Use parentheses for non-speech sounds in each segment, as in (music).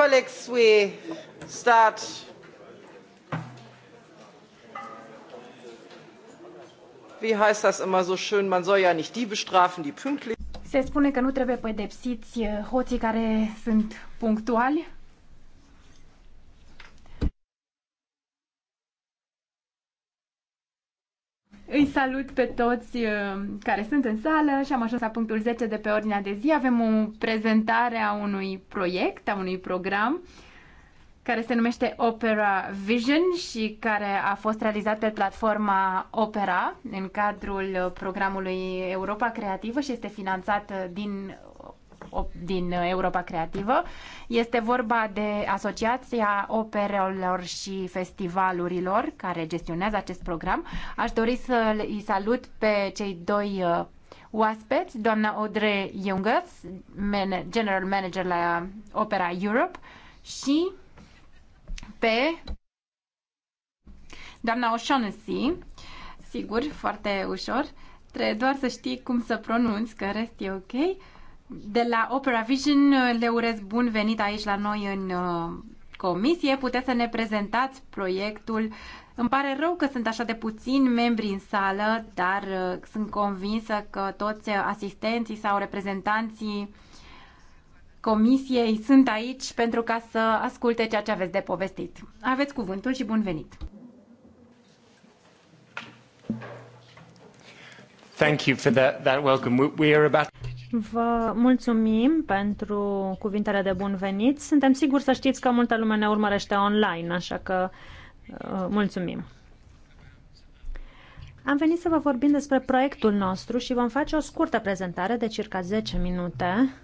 Colleagues, we start. Wie heißt das immer so schön? Man soll ja nicht die bestrafen, die pünktlich. Se spune că nu trebuie pedepsiți eh, hoții care sunt punctuali, salut pe toți uh, care sunt în sală și am ajuns la punctul 10 de pe ordinea de zi. Avem o prezentare a unui proiect, a unui program care se numește Opera Vision și care a fost realizat pe platforma Opera în cadrul programului Europa Creativă și este finanțat din din Europa Creativă. Este vorba de Asociația Operelor și Festivalurilor care gestionează acest program. Aș dori să îi salut pe cei doi uh, oaspeți, doamna Audrey Jungers, General Manager la Opera Europe și pe doamna O'Shaughnessy, sigur, foarte ușor, trebuie doar să știi cum să pronunți, că rest e ok, de la Opera Vision uh, le urez bun venit aici la noi în uh, comisie. Puteți să ne prezentați proiectul. Îmi pare rău că sunt așa de puțini membri în sală, dar uh, sunt convinsă că toți asistenții sau reprezentanții comisiei sunt aici pentru ca să asculte ceea ce aveți de povestit. Aveți cuvântul și bun venit! Thank you for that, that welcome. We are about Vă mulțumim pentru cuvintele de bun venit. Suntem siguri să știți că multă lume ne urmărește online, așa că uh, mulțumim. Am venit să vă vorbim despre proiectul nostru și vom face o scurtă prezentare de circa 10 minute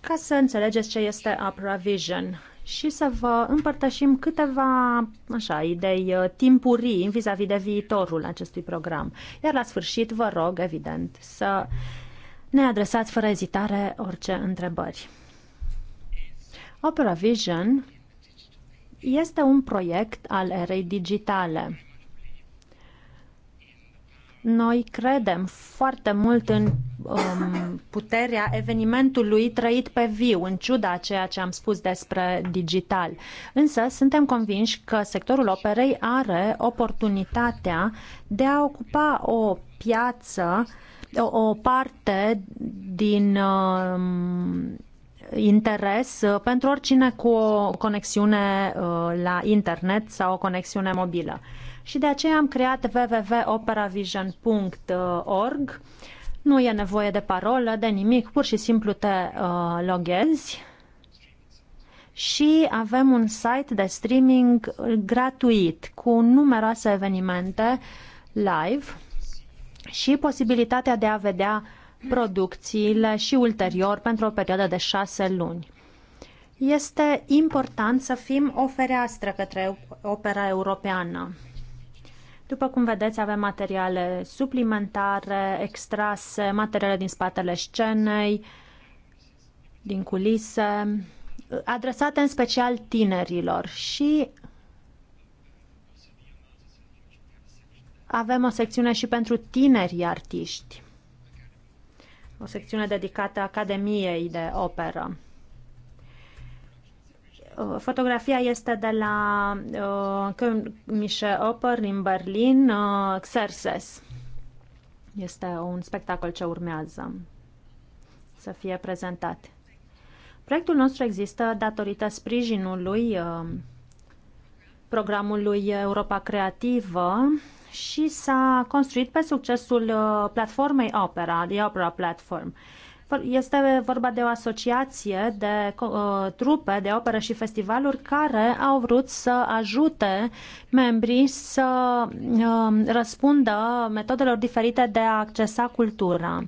ca să înțelegeți ce este Opera Vision și să vă împărtășim câteva așa, idei uh, timpurii vis-a-vis -vis de viitorul acestui program. Iar la sfârșit vă rog, evident, să ne adresați fără ezitare orice întrebări. Opera Vision este un proiect al erei digitale. Noi credem foarte mult în um, puterea evenimentului trăit pe viu, în ciuda a ceea ce am spus despre digital. Însă suntem convinși că sectorul operei are oportunitatea de a ocupa o piață uh, o parte din um, interes uh, pentru oricine cu o conexiune uh, la internet sau o conexiune mobilă. Și de aceea am creat www.operavision.org. Nu e nevoie de parolă, de nimic, pur și simplu te uh, loghezi și avem un site de streaming gratuit cu numeroase evenimente live și posibilitatea de a vedea producțiile și ulterior pentru o perioadă de șase luni. Este important să fim o fereastră către opera europeană. După cum vedeți, avem materiale suplimentare, extrase, materiale din spatele scenei, din culise, adresate în special tinerilor și Avem o secțiune și pentru tinerii artiști, o secțiune dedicată Academiei de Operă. Fotografia este de la uh, Oper din Berlin, uh, Xerxes. Este un spectacol ce urmează să fie prezentat. Proiectul nostru există datorită sprijinului uh, programului Europa Creativă și s-a construit pe succesul uh, platformei Opera, The Opera Platform. Este vorba de o asociație de uh, trupe de operă și festivaluri care au vrut să ajute membrii să uh, răspundă metodelor diferite de a accesa cultura.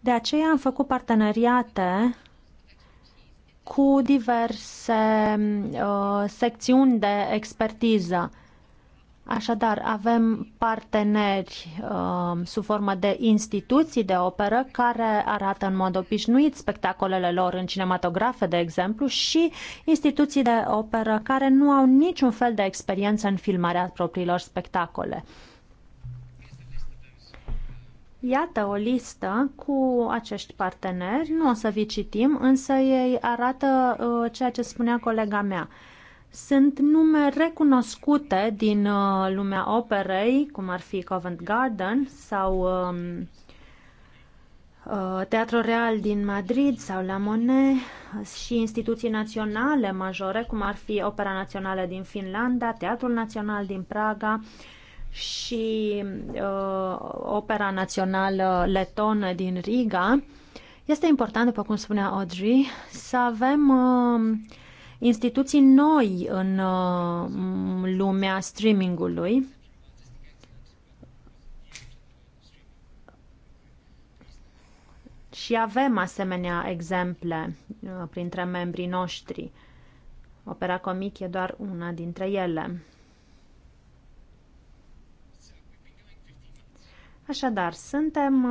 De aceea am făcut parteneriate cu diverse uh, secțiuni de expertiză Așadar, avem parteneri uh, sub formă de instituții de operă care arată în mod obișnuit spectacolele lor în cinematografe, de exemplu, și instituții de operă care nu au niciun fel de experiență în filmarea propriilor spectacole. Iată o listă cu acești parteneri, nu o să vi citim, însă ei arată uh, ceea ce spunea colega mea. Uh, sunt nume recunoscute din uh, lumea operei, cum ar fi Covent Garden sau um, uh, Teatro Real din Madrid sau La Monet și instituții naționale majore, cum ar fi Opera Națională din Finlanda, Teatrul Național din Praga și uh, Opera Națională Letonă din Riga. Este important, după cum spunea Audrey, să avem uh, instituții noi uh, în lumea streamingului. Și avem asemenea exemple uh, printre membrii noștri. Opera Comic e doar una dintre ele. Așadar, suntem,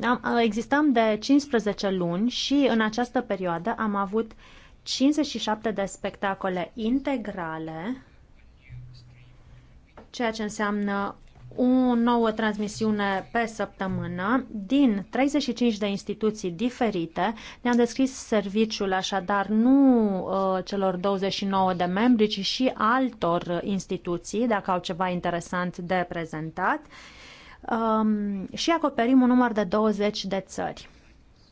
uh, existăm de 15 luni și în această perioadă am avut uh, 57 de spectacole integrale, ceea ce înseamnă o nouă transmisiune pe săptămână din 35 de instituții diferite. Ne-am descris serviciul așadar nu uh, celor 29 de membri, ci și altor instituții, dacă au ceva interesant de prezentat. Um, și acoperim un număr de 20 de țări.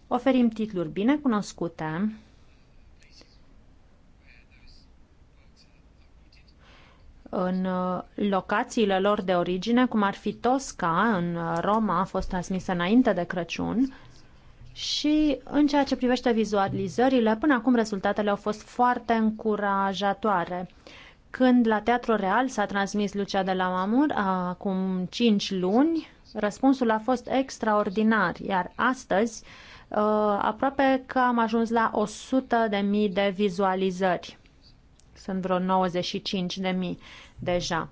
Oferim titluri bine cunoscute, în uh, locațiile lor de origine, cum ar fi Tosca, în uh, Roma, a fost transmisă înainte de Crăciun. Și în ceea ce privește vizualizările, până acum rezultatele au fost foarte încurajatoare. Când la Teatru Real s-a transmis Lucia de la Mamur, acum 5 luni, răspunsul a fost extraordinar, iar astăzi uh, aproape că am ajuns la 100.000 de, de vizualizări. Sunt vreo 95 de mii deja.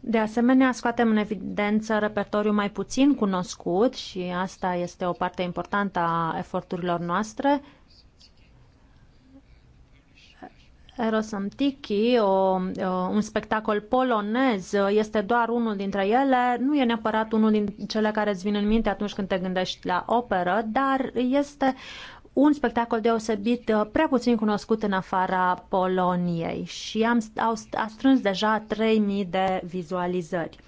De asemenea, scoatem în evidență repertoriul mai puțin cunoscut și asta este o parte importantă a eforturilor noastre. Antichi, o, un spectacol polonez, este doar unul dintre ele. Nu e neapărat unul din cele care îți vin în minte atunci când te gândești la operă, dar este un spectacol deosebit, uh, prea puțin cunoscut în afara Poloniei și am, au, a strâns deja 3.000 de vizualizări.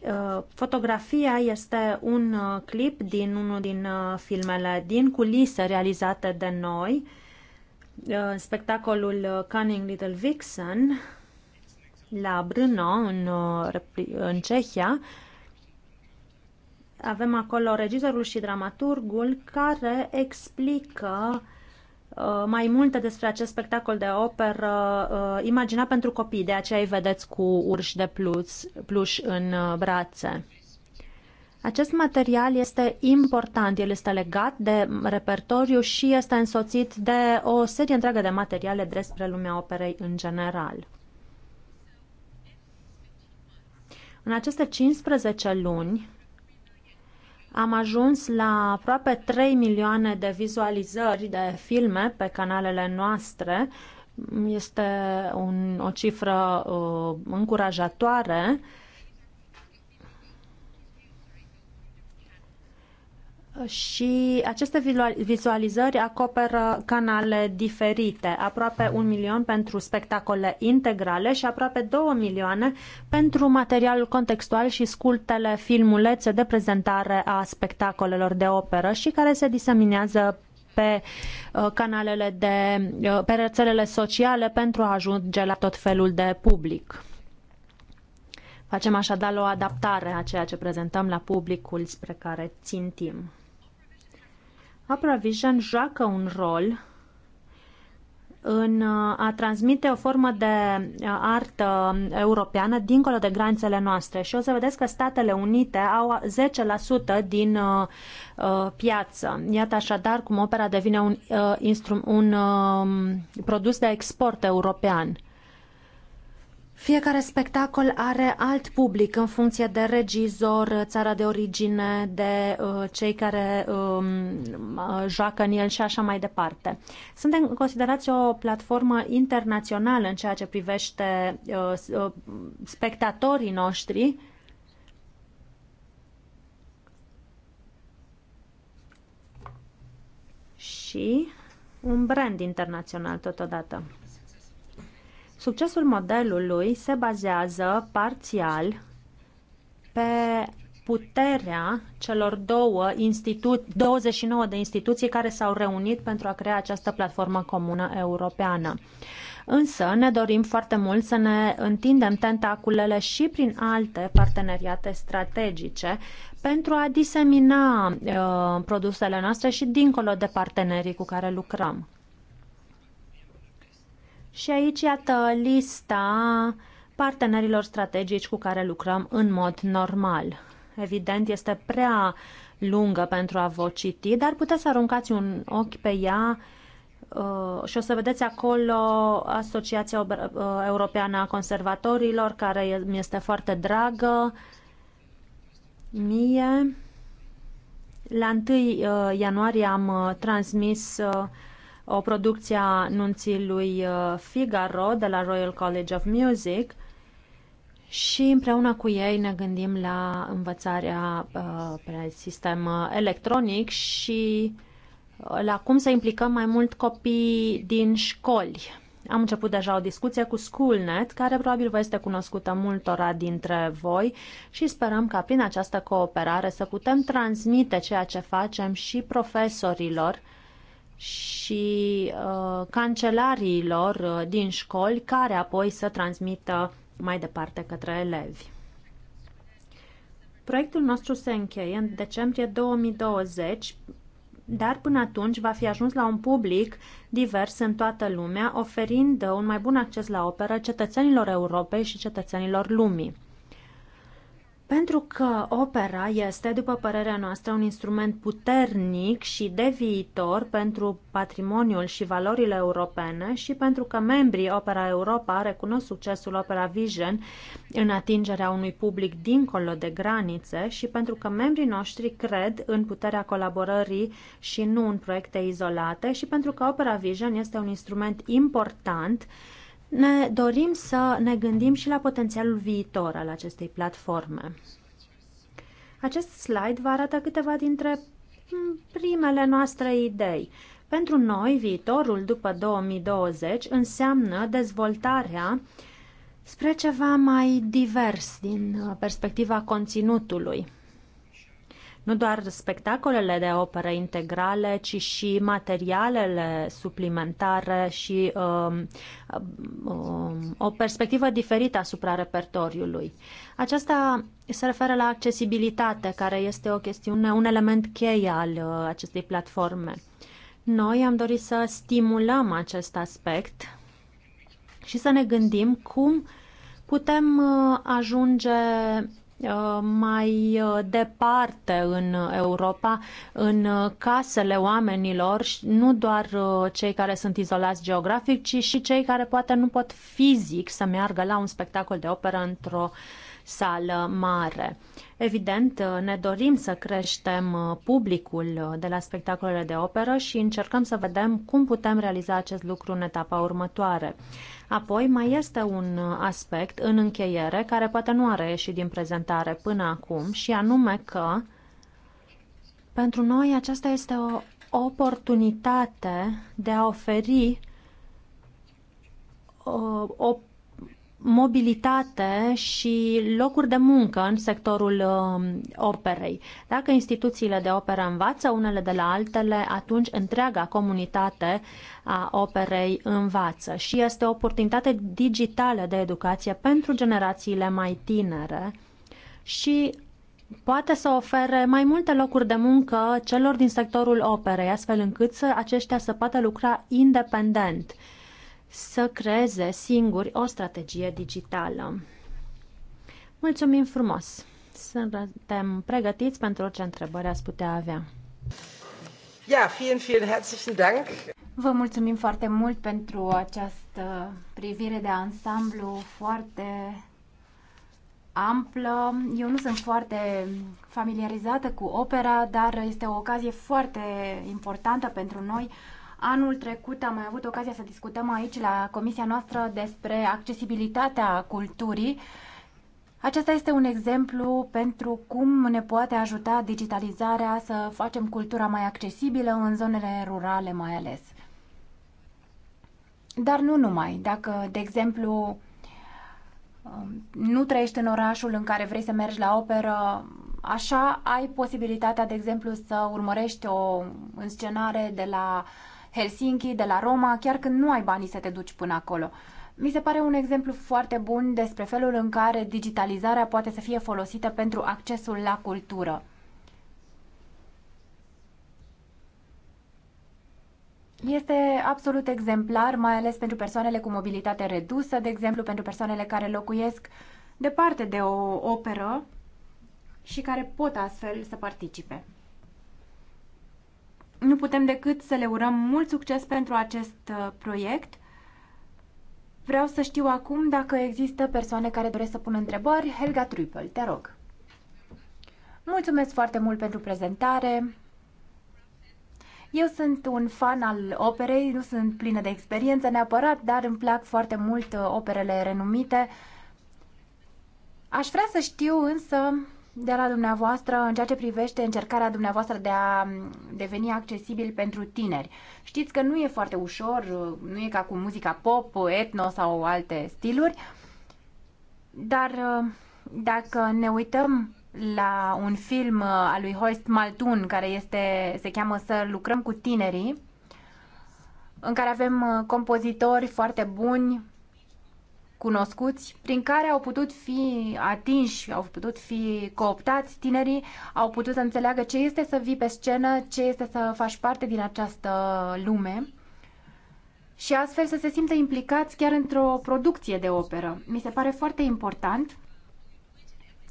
Uh, fotografia este un uh, clip din unul din filmele din culise realizate de noi, spectacolul Cunning Little Vixen la Brno, în, în Cehia, avem acolo regizorul și dramaturgul care explică uh, mai multe despre acest spectacol de operă uh, imaginat pentru copii, de aceea îi vedeți cu urși de plus, pluș în uh, brațe. Acest material este important, el este legat de repertoriu și este însoțit de o serie întreagă de materiale despre lumea operei în general. În aceste 15 luni, am ajuns la aproape 3 milioane de vizualizări de filme pe canalele noastre. Este un, o cifră uh, încurajatoare Și aceste vizualizări acoperă canale diferite, aproape un milion pentru spectacole integrale și aproape două milioane pentru materialul contextual și sculptele filmulețe de prezentare a spectacolelor de operă și care se diseminează pe uh, canalele de, uh, pe rețelele sociale pentru a ajunge la tot felul de public. Facem așadar o adaptare a ceea ce prezentăm la publicul spre care țintim. AproVision joacă un rol în a transmite o formă de artă europeană dincolo de granițele noastre. Și o să vedeți că Statele Unite au 10% din uh, piață. Iată așadar cum opera devine un, uh, un uh, produs de export european. Fiecare spectacol are alt public în funcție de regizor, țara de origine, de uh, cei care um, uh, joacă în el și așa mai departe. Suntem considerați o platformă internațională în ceea ce privește uh, uh spectatorii noștri. Și un brand internațional totodată. Succesul modelului se bazează parțial pe puterea celor două institu- 29 de instituții care s-au reunit pentru a crea această platformă comună europeană. Însă ne dorim foarte mult să ne întindem tentaculele și prin alte parteneriate strategice pentru a disemina uh, produsele noastre și dincolo de partenerii cu care lucrăm. Și aici, iată, lista partenerilor strategici cu care lucrăm în mod normal. Evident, este prea lungă pentru a vă citi, dar puteți să aruncați un ochi pe ea Uh, și o să vedeți acolo Asociația uh, Europeană a Conservatorilor, care mi este foarte dragă mie. La 1 uh, ianuarie am uh, transmis o producție a nunții lui uh, Figaro de la Royal College of Music și împreună cu ei ne gândim la învățarea uh, pe sistem electronic și uh, la cum să implicăm mai mult copii din școli. Am început deja o discuție cu SchoolNet, care probabil vă este cunoscută multora dintre voi și sperăm ca prin această cooperare să putem transmite ceea ce facem și profesorilor și uh, cancelariilor uh, din școli, care apoi să transmită mai departe către elevi. Proiectul nostru se încheie în decembrie 2020, dar până atunci va fi ajuns la un public divers în toată lumea, oferind un mai bun acces la operă cetățenilor Europei și cetățenilor lumii. Pentru că opera este, după părerea noastră, un instrument puternic și de viitor pentru patrimoniul și valorile europene și pentru că membrii Opera Europa recunosc succesul Opera Vision în atingerea unui public dincolo de granițe și pentru că membrii noștri cred în puterea colaborării și nu în proiecte izolate și pentru că Opera Vision este un instrument important ne dorim să ne gândim și la potențialul viitor al acestei platforme. Acest slide vă arată câteva dintre mm, primele noastre idei. Pentru noi, viitorul după 2020 înseamnă dezvoltarea spre ceva mai divers din uh, perspectiva conținutului nu doar spectacolele de operă integrale, ci și materialele suplimentare și um, um, o perspectivă diferită asupra repertoriului. Aceasta se referă la accesibilitate, care este o chestiune, un element cheie al uh, acestei platforme. Noi am dorit să stimulăm acest aspect și să ne gândim cum putem uh, ajunge Uh, mai uh, departe în Europa, în casele oamenilor, nu doar uh, cei care sunt izolați geografic, ci și cei care poate nu pot fizic să meargă la un spectacol de operă într-o sală mare. Evident, ne dorim să creștem publicul de la spectacolele de operă și încercăm să vedem cum putem realiza acest lucru în etapa următoare. Apoi mai este un aspect în încheiere care poate nu are ieșit din prezentare până acum și anume că pentru noi aceasta este o oportunitate de a oferi uh, o, o mobilitate și locuri de muncă în sectorul um, operei. Dacă instituțiile de operă învață unele de la altele, atunci întreaga comunitate a operei învață și este o oportunitate digitală de educație pentru generațiile mai tinere și poate să ofere mai multe locuri de muncă celor din sectorul operei, astfel încât să aceștia să poată lucra independent să creeze singuri o strategie digitală. Mulțumim frumos! Suntem pregătiți pentru orice întrebări ați putea avea. Ja, vielen, vielen herzlichen Dank. Vă mulțumim foarte mult pentru această privire de ansamblu foarte amplă. Eu nu sunt foarte familiarizată cu opera, dar este o ocazie foarte importantă pentru noi Anul trecut am mai avut ocazia să discutăm aici la comisia noastră despre accesibilitatea culturii. Acesta este un exemplu pentru cum ne poate ajuta digitalizarea să facem cultura mai accesibilă în zonele rurale mai ales. Dar nu numai. Dacă, de exemplu, um, nu trăiești în orașul în care vrei să mergi la operă, așa ai posibilitatea, de exemplu, să urmărești o înscenare de la uh, Helsinki, de la Roma, chiar când nu ai banii să te duci până acolo. Mi se pare un exemplu foarte bun despre felul în care digitalizarea poate să fie folosită pentru accesul la cultură. Este absolut exemplar, mai ales pentru persoanele cu mobilitate redusă, de exemplu pentru persoanele care locuiesc departe de o operă și care pot astfel să participe. Nu putem decât să le urăm mult succes pentru acest uh, proiect. Vreau să știu acum dacă există persoane care doresc să pună întrebări. Helga Trupel, te rog. Mulțumesc foarte mult pentru prezentare. Eu sunt un fan al operei, nu sunt plină de experiență neapărat, dar îmi plac foarte mult uh, operele renumite. Aș vrea să știu însă de la dumneavoastră în ceea ce privește încercarea dumneavoastră de a deveni accesibil pentru tineri. Știți că nu e foarte ușor, nu e ca cu muzica pop, etno sau alte stiluri, dar uh, dacă ne uităm la un film uh, al lui Horst Maltun care este, se cheamă Să lucrăm cu tinerii, în care avem uh, compozitori foarte buni, cunoscuți, prin care au putut fi atinși, au putut fi cooptați tinerii, au putut să înțeleagă ce este să vii pe scenă, ce este să faci parte din această lume și astfel să se simtă implicați chiar într-o producție de operă. Mi se pare foarte important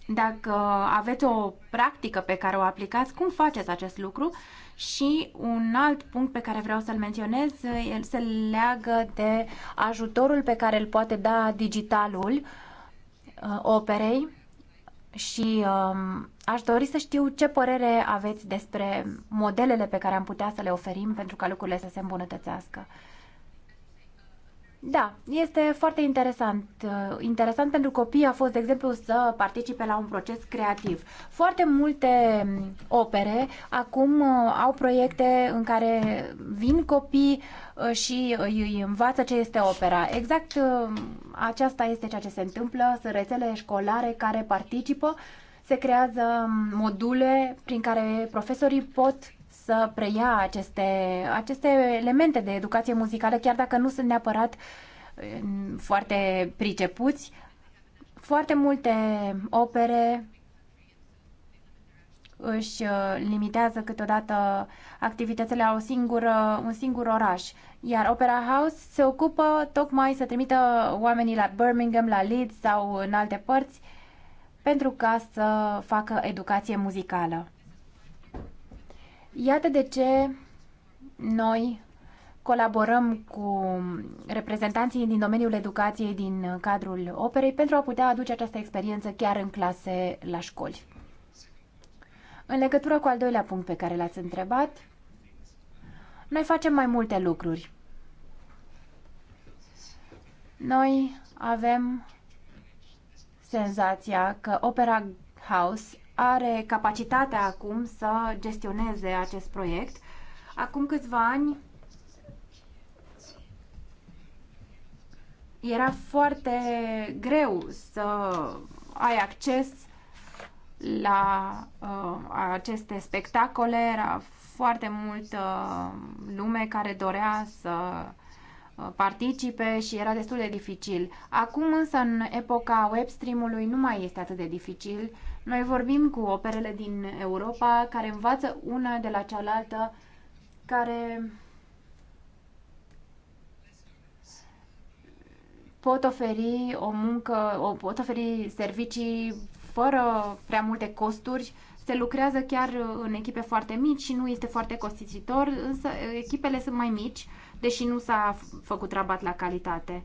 dacă aveți o practică pe care o aplicați, cum faceți acest lucru și un alt punct pe care vreau să-l menționez, el se leagă de ajutorul pe care îl poate da digitalul uh, operei și uh, aș dori să știu ce părere aveți despre modelele pe care am putea să le oferim pentru ca lucrurile să se îmbunătățească. Da, este foarte interesant. Uh, interesant pentru copii a fost, de exemplu, să participe la un proces creativ. Foarte multe um, opere acum uh, au proiecte în care vin copii uh, și îi învață ce este opera. Exact aceasta este ceea ce se întâmplă. Sunt rețele școlare care participă. Se creează um, module prin care profesorii pot să preia aceste, aceste elemente de educație muzicală, chiar dacă nu sunt neapărat foarte pricepuți. Foarte multe opere își uh, limitează câteodată activitățile la o singură, un singur oraș. Iar Opera House se ocupă tocmai să trimită oamenii la Birmingham, la Leeds sau în alte părți pentru ca să facă educație muzicală. Iată de ce noi colaborăm cu reprezentanții din domeniul educației din cadrul operei pentru a putea aduce această experiență chiar în clase la școli. În legătură cu al doilea punct pe care l-ați întrebat, noi facem mai multe lucruri. Noi avem senzația că Opera House are capacitatea acum să gestioneze acest proiect. Acum câțiva ani era foarte greu să ai acces la uh, aceste spectacole, era foarte multă uh, lume care dorea să uh, participe și era destul de dificil. Acum însă în epoca webstream-ului nu mai este atât de dificil noi vorbim cu operele din Europa care învață una de la cealaltă, care pot oferi o muncă, o, pot oferi servicii fără prea multe costuri. Se lucrează chiar în echipe foarte mici și nu este foarte costisitor, însă echipele sunt mai mici, deși nu s-a făcut rabat la calitate.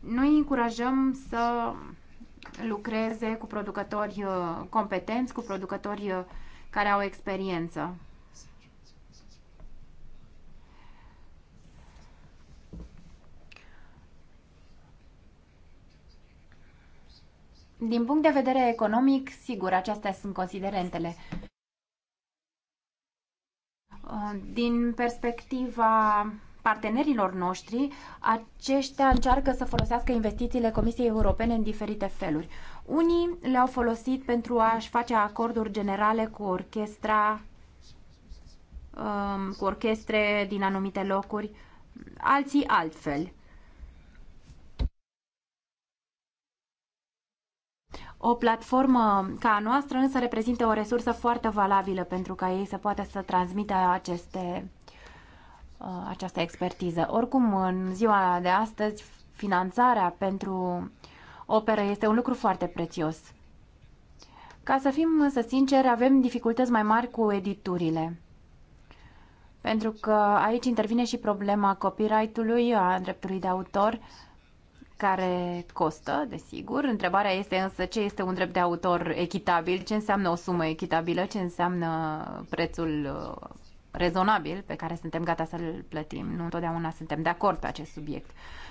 Noi încurajăm să lucreze cu producători uh, competenți, cu producători uh, care au experiență. Din punct de vedere economic, sigur, acestea sunt considerentele. Uh, din perspectiva partenerilor noștri, aceștia încearcă să folosească investițiile Comisiei Europene în diferite feluri. Unii le-au folosit pentru a-și face acorduri generale cu orchestra, um, cu orchestre din anumite locuri, alții altfel. O platformă ca a noastră însă reprezintă o resursă foarte valabilă pentru ca ei să poată să transmită aceste Uh, această expertiză. Oricum, în ziua de astăzi, finanțarea pentru operă este un lucru foarte prețios. Ca să fim însă sinceri, avem dificultăți mai mari cu editurile. Pentru că aici intervine și problema copyright-ului, a dreptului de autor, care costă, desigur. Întrebarea este însă ce este un drept de autor echitabil, ce înseamnă o sumă echitabilă, ce înseamnă prețul uh, rezonabil pe care suntem gata să-l plătim. Nu întotdeauna suntem de acord pe acest subiect.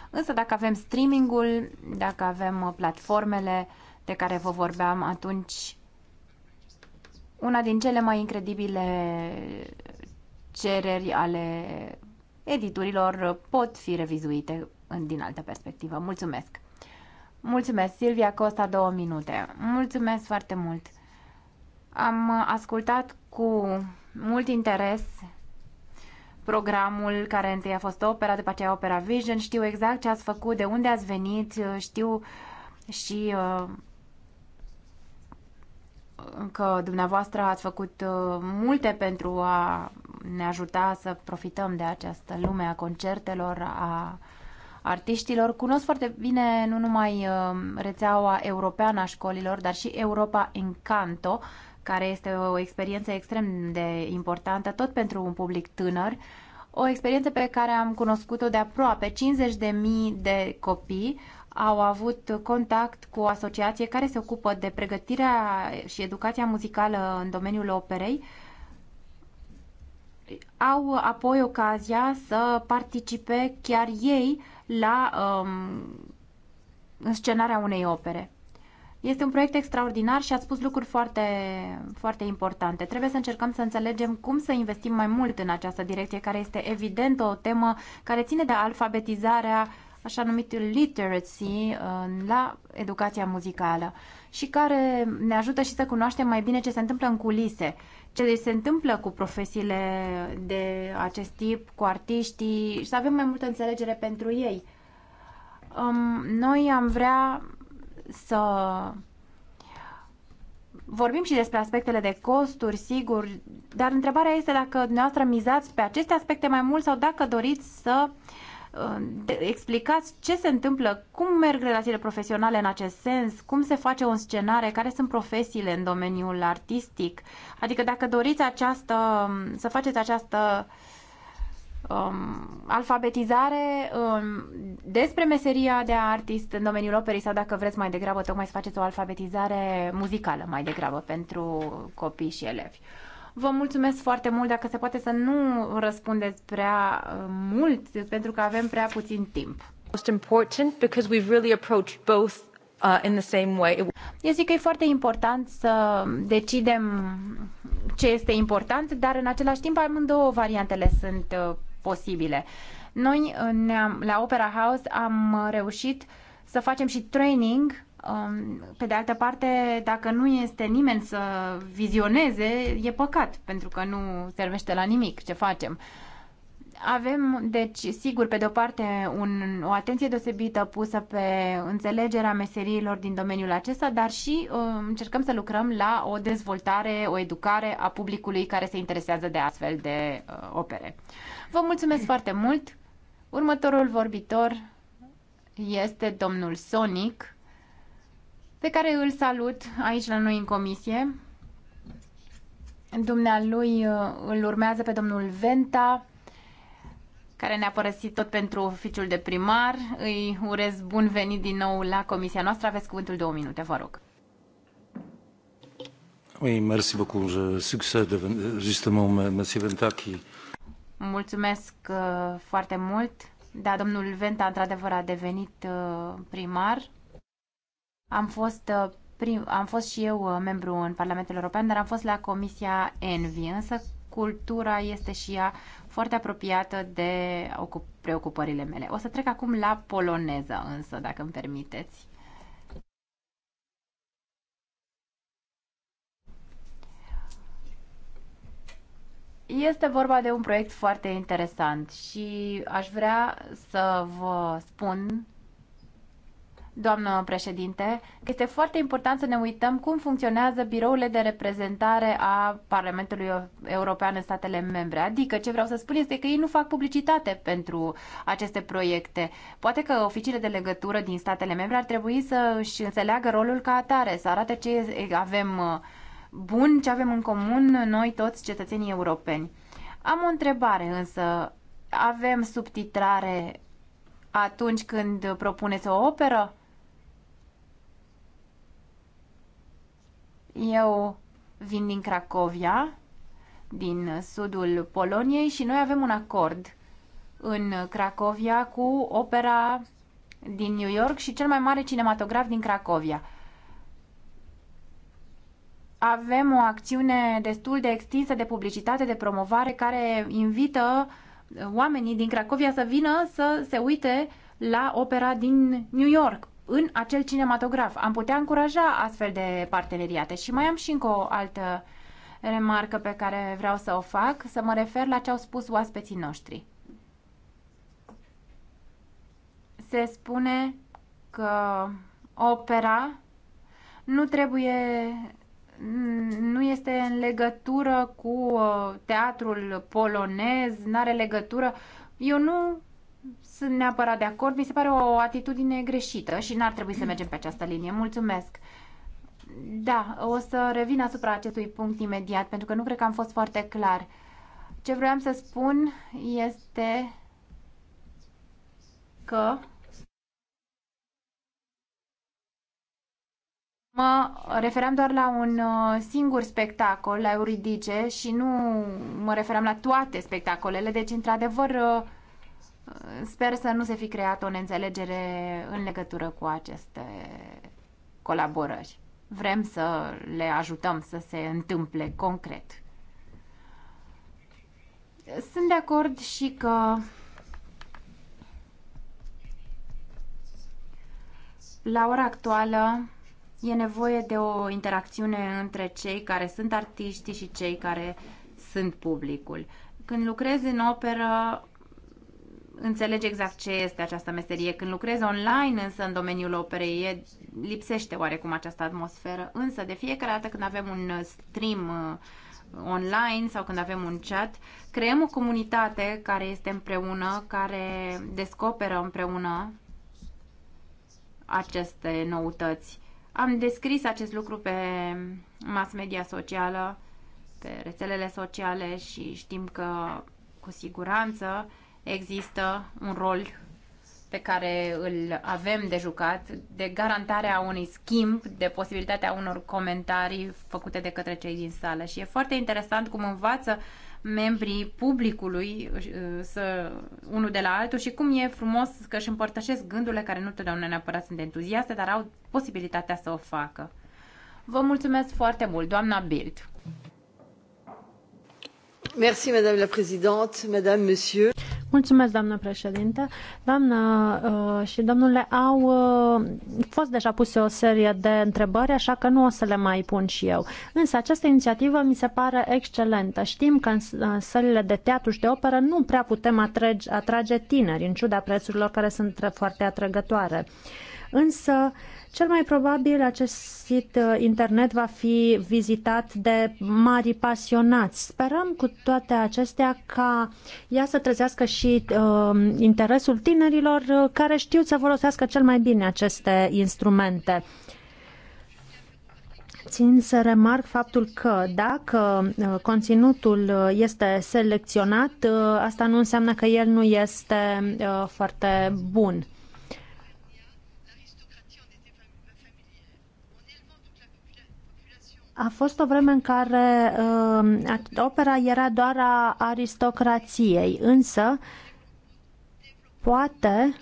Însă dacă avem streamingul, dacă avem uh, platformele de care vă vorbeam, atunci una din cele mai incredibile cereri ale editurilor uh, pot fi revizuite din altă perspectivă. Mulțumesc! Mulțumesc, Silvia Costa, două minute. Mulțumesc foarte mult! Am uh, ascultat cu mult interes programul care întâi a fost opera, după aceea opera Vision. Știu exact ce ați făcut, de unde ați venit, știu și uh, că dumneavoastră ați făcut uh, multe pentru a ne ajuta să profităm de această lume a concertelor, a artiștilor. Cunosc foarte bine nu numai uh, rețeaua europeană a școlilor, dar și Europa Encanto, care este o experiență extrem de importantă, tot pentru un public tânăr, o experiență pe care am cunoscut-o de aproape 50.000 de copii au avut contact cu o asociație care se ocupă de pregătirea și educația muzicală în domeniul operei, au apoi ocazia să participe chiar ei la um, înscenarea unei opere. Este un proiect extraordinar și ați spus lucruri foarte, foarte importante. Trebuie să încercăm să înțelegem cum să investim mai mult în această direcție, care este evident o temă care ține de alfabetizarea așa numitul literacy uh, la educația muzicală și care ne ajută și să cunoaștem mai bine ce se întâmplă în culise, ce se întâmplă cu profesiile de acest tip, cu artiștii și să avem mai multă înțelegere pentru ei. Um, noi am vrea să vorbim și despre aspectele de costuri, sigur, dar întrebarea este dacă dumneavoastră mizați pe aceste aspecte mai mult sau dacă doriți să uh, explicați ce se întâmplă, cum merg relațiile profesionale în acest sens, cum se face un scenare, care sunt profesiile în domeniul artistic. Adică dacă doriți această, să faceți această uh, um, alfabetizare um, despre meseria de artist în domeniul operei sau dacă vreți mai degrabă tocmai să faceți o alfabetizare muzicală mai degrabă pentru copii și elevi. Vă mulțumesc foarte mult dacă se poate să nu răspundeți prea uh, mult pentru că avem prea puțin timp. Most important because we've really approached both uh, in the same way. Eu zic că e foarte important să decidem ce este important, dar în același timp amândouă variantele sunt uh, posibile. Noi ne-am, la Opera House am reușit să facem și training um, pe de altă parte, dacă nu este nimeni să vizioneze, e păcat, pentru că nu servește la nimic ce facem. Avem, deci, sigur, pe de-o parte, un, o atenție deosebită pusă pe înțelegerea meseriilor din domeniul acesta, dar și um, încercăm să lucrăm la o dezvoltare, o educare a publicului care se interesează de astfel de uh, opere. Vă mulțumesc foarte mult! Următorul vorbitor este domnul Sonic, pe care îl salut aici la noi în comisie. Dumnealui uh, îl urmează pe domnul Venta, care ne-a părăsit tot pentru oficiul de primar. Îi urez bun venit din nou la comisia noastră. Aveți cuvântul două minute, vă rog. Oui, merci beaucoup. Je succède justement Ventaki. Mulțumesc uh, foarte mult. Da, domnul Venta într-adevăr a devenit uh, primar. Am fost uh, prim, am fost și eu membru în Parlamentul European, dar am fost la Comisia Envi, însă cultura este și ea foarte apropiată de preocupările mele. O să trec acum la poloneză însă, dacă îmi permiteți. Este vorba de un proiect foarte interesant și aș vrea să vă spun doamnă președinte, este foarte important să ne uităm cum funcționează birourile de reprezentare a Parlamentului European în statele membre. Adică ce vreau să spun este că ei nu fac publicitate pentru aceste proiecte. Poate că oficiile de legătură din statele membre ar trebui să își înțeleagă rolul ca atare, să arate ce avem uh, bun, ce avem în comun noi toți cetățenii europeni. Am o întrebare însă. Avem subtitrare atunci când propuneți o operă? Eu vin din Cracovia, din sudul Poloniei și noi avem un acord în Cracovia cu opera din New York și cel mai mare cinematograf din Cracovia. Avem o acțiune destul de extinsă de publicitate, de promovare, care invită oamenii din Cracovia să vină să se uite la opera din New York în acel cinematograf. Am putea încuraja astfel de parteneriate. Și mai am și încă o altă remarcă pe care vreau să o fac, să mă refer la ce au spus oaspeții noștri. Se spune că opera nu trebuie nu este în legătură cu uh, teatrul polonez, nu are legătură. Eu nu sunt neapărat de acord. Mi se pare o atitudine greșită și n-ar trebui să mergem pe această linie. Mulțumesc! Da, o să revin asupra acestui punct imediat, pentru că nu cred că am fost foarte clar. Ce vreau să spun este că Mă refeream doar la un uh, singur spectacol, la Euridice, și nu mă refeream la toate spectacolele, deci, într-adevăr, uh, Sper să nu se fi creat o neînțelegere în legătură cu aceste colaborări. Vrem să le ajutăm să se întâmple concret. Sunt de acord și că la ora actuală e nevoie de o interacțiune între cei care sunt artiști și cei care sunt publicul. Când lucrezi în operă, înțelegi exact ce este această meserie. Când lucrezi online, însă, în domeniul operei, e, lipsește oarecum această atmosferă. Însă, de fiecare dată când avem un uh, stream uh, online sau când avem un chat, creăm o comunitate care este împreună, care descoperă împreună aceste noutăți. Am descris acest lucru pe mass media socială, pe rețelele sociale și știm că cu siguranță uh, există un rol pe care îl avem de jucat, de garantarea unui schimb, de posibilitatea unor comentarii făcute de către cei din sală. Și e foarte interesant cum învață membrii publicului uh, să, unul de la altul și cum e frumos că își împărtășesc gândurile care nu totdeauna neapărat sunt entuziaste, dar au posibilitatea să o facă. Vă mulțumesc foarte mult, doamna Bild. Merci, madame la présidente, madame, monsieur. Mulțumesc, doamnă președinte. Doamnă uh, și domnule, au uh, fost deja puse o serie de întrebări, așa că nu o să le mai pun și eu. Însă această inițiativă mi se pare excelentă. Știm că în sălile de teatru și de operă nu prea putem atrage, atrage tineri, în ciuda prețurilor care sunt foarte atrăgătoare. Însă, cel mai probabil acest sit uh, internet va fi vizitat de mari pasionați. Sperăm cu toate acestea ca ea să trezească și uh, interesul tinerilor uh, care știu să folosească cel mai bine aceste instrumente țin să remarc faptul că dacă uh, conținutul este selecționat, asta nu înseamnă că el nu este foarte bun. A fost o vreme în care uh, opera era doar a aristocrației, însă poate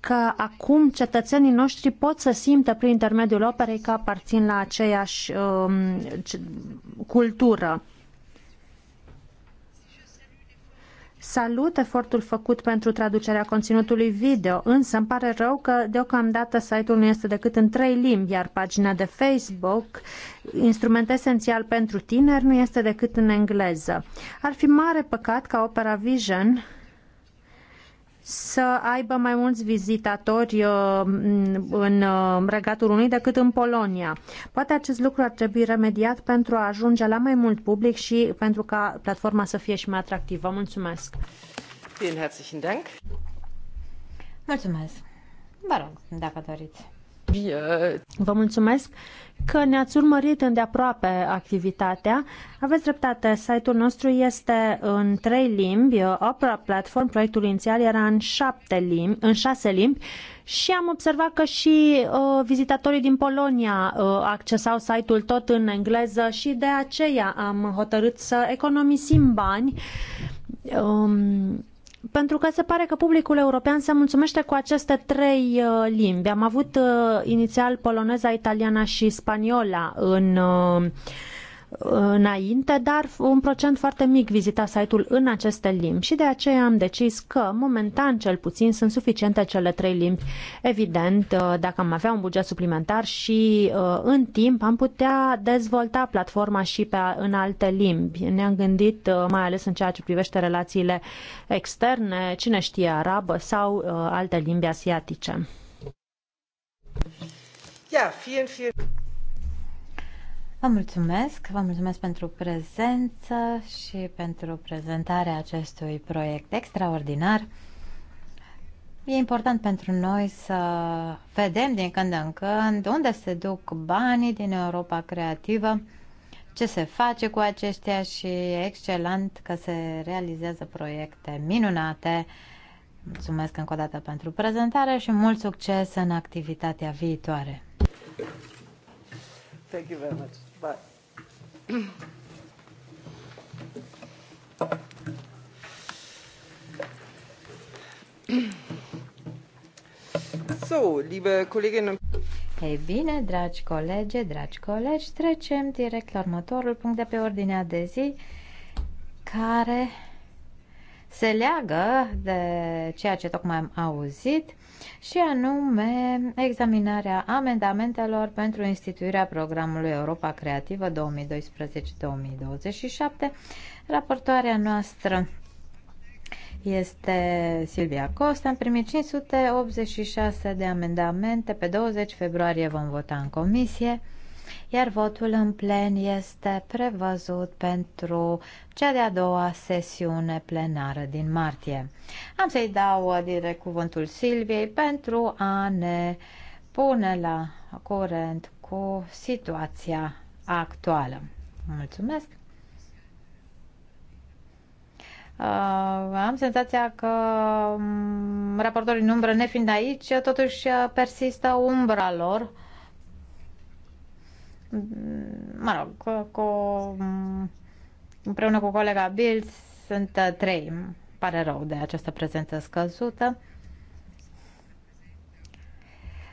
că acum cetățenii noștri pot să simtă prin intermediul operei că aparțin la aceeași uh, cultură. Salut efortul făcut pentru traducerea conținutului video, însă îmi pare rău că deocamdată site-ul nu este decât în trei limbi, iar pagina de Facebook, instrument esențial pentru tineri, nu este decât în engleză. Ar fi mare păcat ca Opera Vision să aibă mai mulți vizitatori uh, în uh, Regatul Unit decât în Polonia. Poate acest lucru ar trebui remediat pentru a ajunge la mai mult public și pentru ca platforma să fie și mai atractivă. Mulțumesc! Vielen herzlichen Dank! Mulțumesc! Vă rog, dacă doriți. Uh, Vă mulțumesc că ne-ați urmărit îndeaproape activitatea. Aveți dreptate, site-ul nostru este în trei limbi. Opera Platform, proiectul inițial, era în, șapte limbi, în șase limbi și am observat că și uh, vizitatorii din Polonia uh, accesau site-ul tot în engleză și de aceea am hotărât să economisim bani. Um, pentru că se pare că publicul european se mulțumește cu aceste trei uh, limbi. Am avut uh, inițial poloneza, italiana și spaniola în uh, înainte, dar un procent foarte mic vizita site-ul în aceste limbi și de aceea am decis că, momentan cel puțin, sunt suficiente cele trei limbi. Evident, uh, dacă am avea un buget suplimentar și uh, în timp am putea dezvolta platforma și pe, în alte limbi. Ne-am gândit uh, mai ales în ceea ce privește relațiile externe, cine știe arabă sau alte limbi asiatice. Ja, vielen, vielen. Vă mulțumesc, vă mulțumesc pentru prezență și pentru prezentarea acestui proiect extraordinar. E important pentru noi să vedem din când în când unde se duc banii din Europa Creativă, ce se face cu aceștia și e excelent că se realizează proiecte minunate. Mulțumesc încă o dată pentru prezentare și mult succes în activitatea viitoare. Thank you very much but so, liebe Kolleginnen und ei bine, dragi colegi, dragi colegi, trecem direct la următorul punct de pe ordinea de zi, care se leagă de ceea ce tocmai am auzit și anume examinarea amendamentelor pentru instituirea programului Europa Creativă 2012-2027. Raportoarea noastră este Silvia Costa. Am primit 586 de amendamente. Pe 20 februarie vom vota în comisie iar votul în plen este prevăzut pentru cea de-a doua sesiune plenară din martie. Am să-i dau uh, direct cuvântul Silviei pentru a ne pune la curent cu situația actuală. Mulțumesc! Uh, am senzația că um, raportorii în umbră, nefiind aici, totuși uh, persistă umbra lor mă rog, cu, împreună cu colega Bill sunt uh, trei. Îmi pare rău de această prezență scăzută.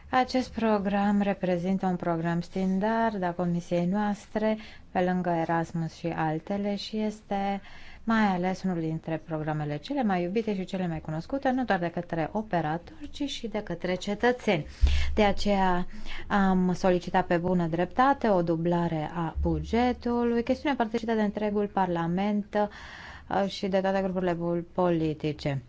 Acest program reprezintă un program standard a comisiei noastre, pe lângă Erasmus și altele, și este uh, mai ales unul dintre programele cele mai iubite și cele mai cunoscute, nu doar de către operatori, ci și de către cetățeni. De aceea am solicitat pe bună dreptate o dublare a bugetului, chestiune partajată de întregul Parlament uh, și de toate grupurile politice.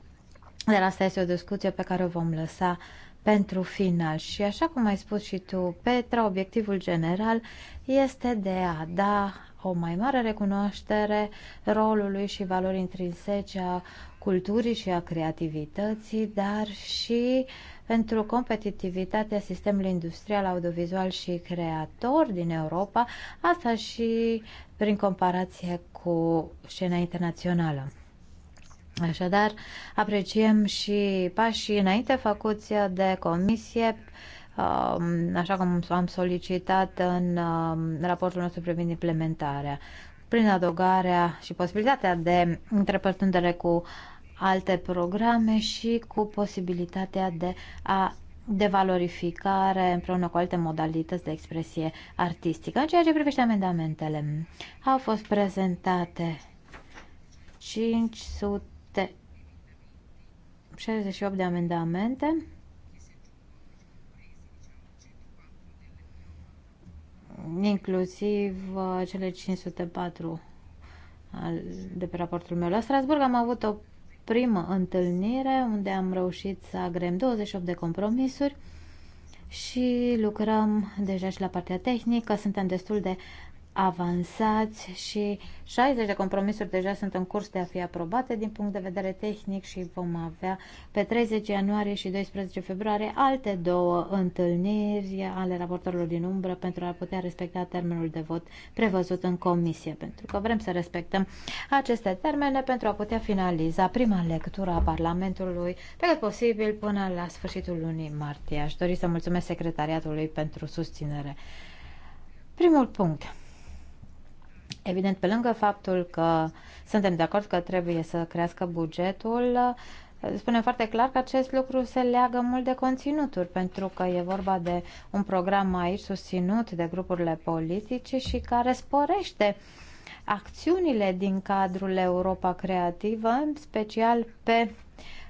Dar asta este o discuție pe care o vom lăsa pentru final. Și așa cum ai spus și tu, Petra, obiectivul general este de a da o mai mare recunoaștere rolului și valorii intrinsece a culturii și a creativității, dar și pentru competitivitatea sistemului industrial, audiovizual și creator din Europa, asta și prin comparație cu scena internațională. Așadar, apreciem și pașii înainte făcuți de comisie, um, așa cum am solicitat în um, raportul nostru privind implementarea, prin adăugarea și posibilitatea de întrepătrundere cu alte programe și cu posibilitatea de a de valorificare împreună cu alte modalități de expresie artistică. În ceea ce privește amendamentele, au fost prezentate 500 68 de amendamente. inclusiv uh, cele 504 uh, de pe raportul meu la Strasburg. Am avut o primă întâlnire unde am reușit să agrem 28 de compromisuri și lucrăm deja și la partea tehnică. Suntem destul de avansați și 60 de compromisuri deja sunt în curs de a fi aprobate din punct de vedere tehnic și vom avea pe 30 ianuarie și 12 februarie alte două întâlniri ale raportorilor din umbră pentru a putea respecta termenul de vot prevăzut în comisie, pentru că vrem să respectăm aceste termene pentru a putea finaliza prima lectură a Parlamentului pe cât posibil până la sfârșitul lunii martie. Aș dori să mulțumesc secretariatului pentru susținere. Primul punct Evident, pe lângă faptul că suntem de acord că trebuie să crească bugetul, spunem foarte clar că acest lucru se leagă mult de conținuturi, pentru că e vorba de un program aici susținut de grupurile politice și care sporește acțiunile din cadrul Europa Creativă, în special pe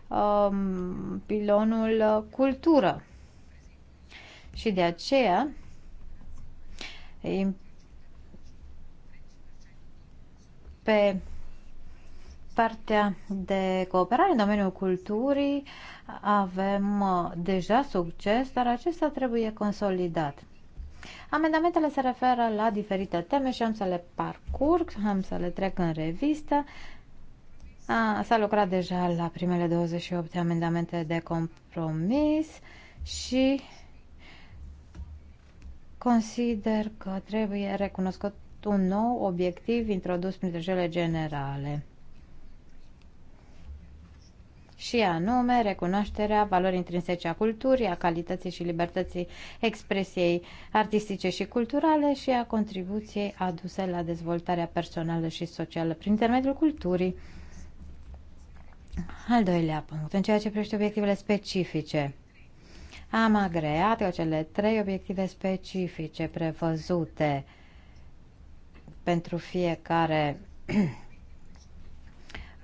um, pilonul cultură. Și de aceea Pe partea de cooperare în domeniul culturii avem uh, deja succes, dar acesta trebuie consolidat. Amendamentele se referă la diferite teme și am să le parcurg, am să le trec în revistă. S-a lucrat deja la primele 28 amendamente de compromis și consider că trebuie recunoscut un nou obiectiv introdus printre cele generale și anume recunoașterea valorii intrinsece a culturii, a calității și libertății expresiei artistice și culturale și a contribuției aduse la dezvoltarea personală și socială prin intermediul culturii. Al doilea punct, în ceea ce privește obiectivele specifice. Am agreat eu cele trei obiective specifice prevăzute uh, pentru fiecare (clears throat)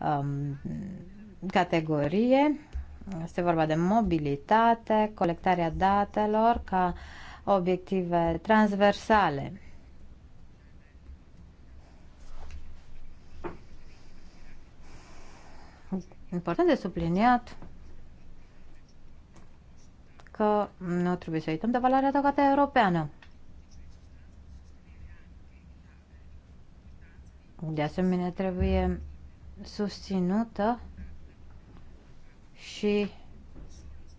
um, categorie. Este vorba de mobilitate, colectarea datelor ca obiective transversale. Important de subliniat că nu trebuie să uităm de valoarea adăugată europeană. de asemenea trebuie susținută și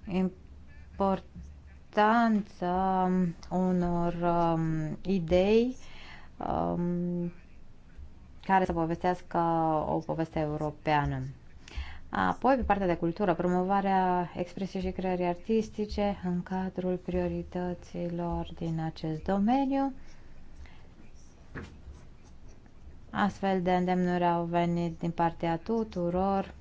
importanța unor um, idei um, care să povestească o poveste europeană. Apoi, pe partea de cultură, promovarea expresiei și creării artistice în cadrul priorităților din acest domeniu. Astfel de îndemnuri au venit din partea tuturor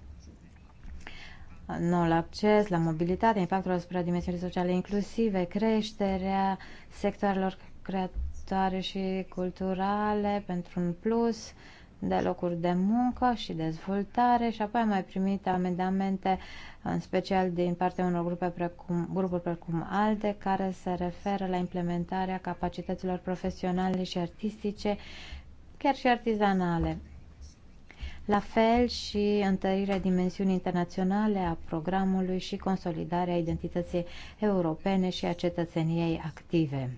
noul acces la mobilitate, impactul asupra dimensiunii sociale inclusive, creșterea sectoarelor creatoare și culturale pentru un plus de locuri de muncă și dezvoltare și apoi am mai primit amendamente în special din partea unor grupe precum, grupuri precum alte, care se referă la implementarea capacităților profesionale și artistice chiar și artizanale. La fel și întărirea dimensiunii internaționale a programului și consolidarea identității europene și a cetățeniei active.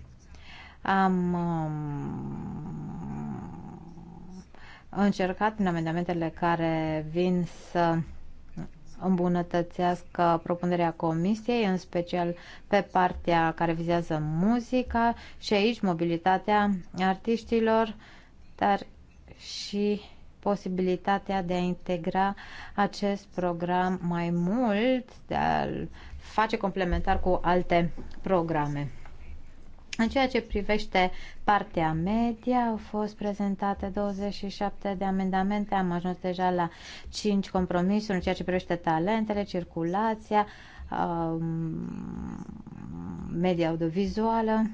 Am um, încercat în amendamentele care vin să îmbunătățească propunerea comisiei, în special pe partea care vizează muzica și aici mobilitatea artiștilor dar și posibilitatea de a integra acest program mai mult, de a-l face complementar cu alte programe. În ceea ce privește partea media, au fost prezentate 27 de amendamente, am ajuns deja la 5 compromisuri în ceea ce privește talentele, circulația, um, media audiovizuală,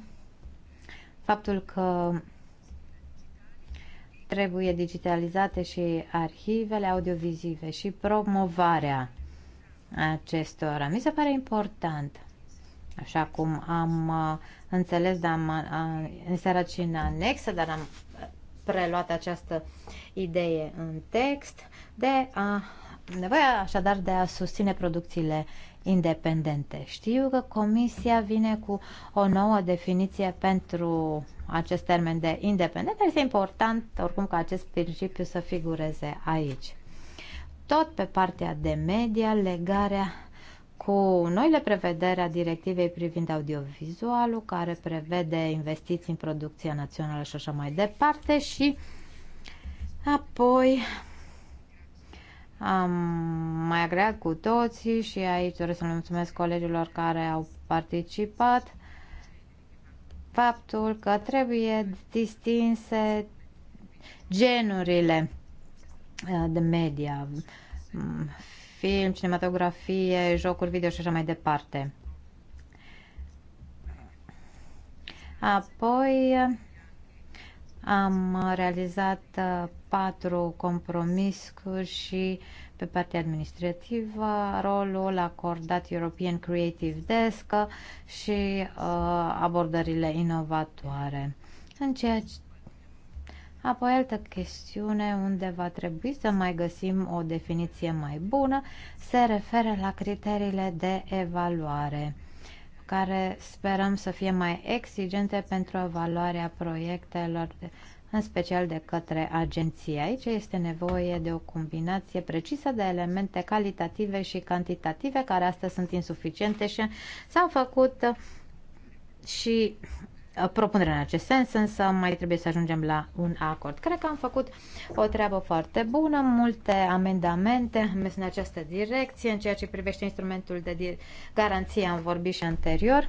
faptul că Trebuie digitalizate și arhivele audiovizive și promovarea acestora. Mi se pare important, așa cum am uh, înțeles, dar am inserat și în anexă, dar am uh, preluat această idee în text, de a, nevoia așadar de a susține producțiile independente. Știu că Comisia vine cu o nouă definiție pentru acest termen de independent, dar este important oricum ca acest principiu să figureze aici. Tot pe partea de media, legarea cu noile prevederi a directivei privind audiovizualul, care prevede investiții în producția națională și așa mai departe și apoi am mai agreat cu toții și aici doresc să le mulțumesc colegilor care au participat faptul că trebuie distinse genurile uh, de media, mm, film, cinematografie, jocuri video și așa mai departe. Apoi uh, am realizat uh, patru compromisuri și pe partea administrativă rolul acordat European Creative Desk și uh, abordările inovatoare. În ceea ce Apoi altă chestiune unde va trebui să mai găsim o definiție mai bună se referă la criteriile de evaluare care sperăm să fie mai exigente pentru evaluarea proiectelor în special de către agenție. Aici este nevoie de o combinație precisă de elemente calitative și cantitative, care astăzi sunt insuficiente și s-au făcut și uh, propunere în acest sens, însă mai trebuie să ajungem la un acord. Cred că am făcut o treabă foarte bună, multe amendamente am mers în această direcție, în ceea ce privește instrumentul de garanție am vorbit și anterior.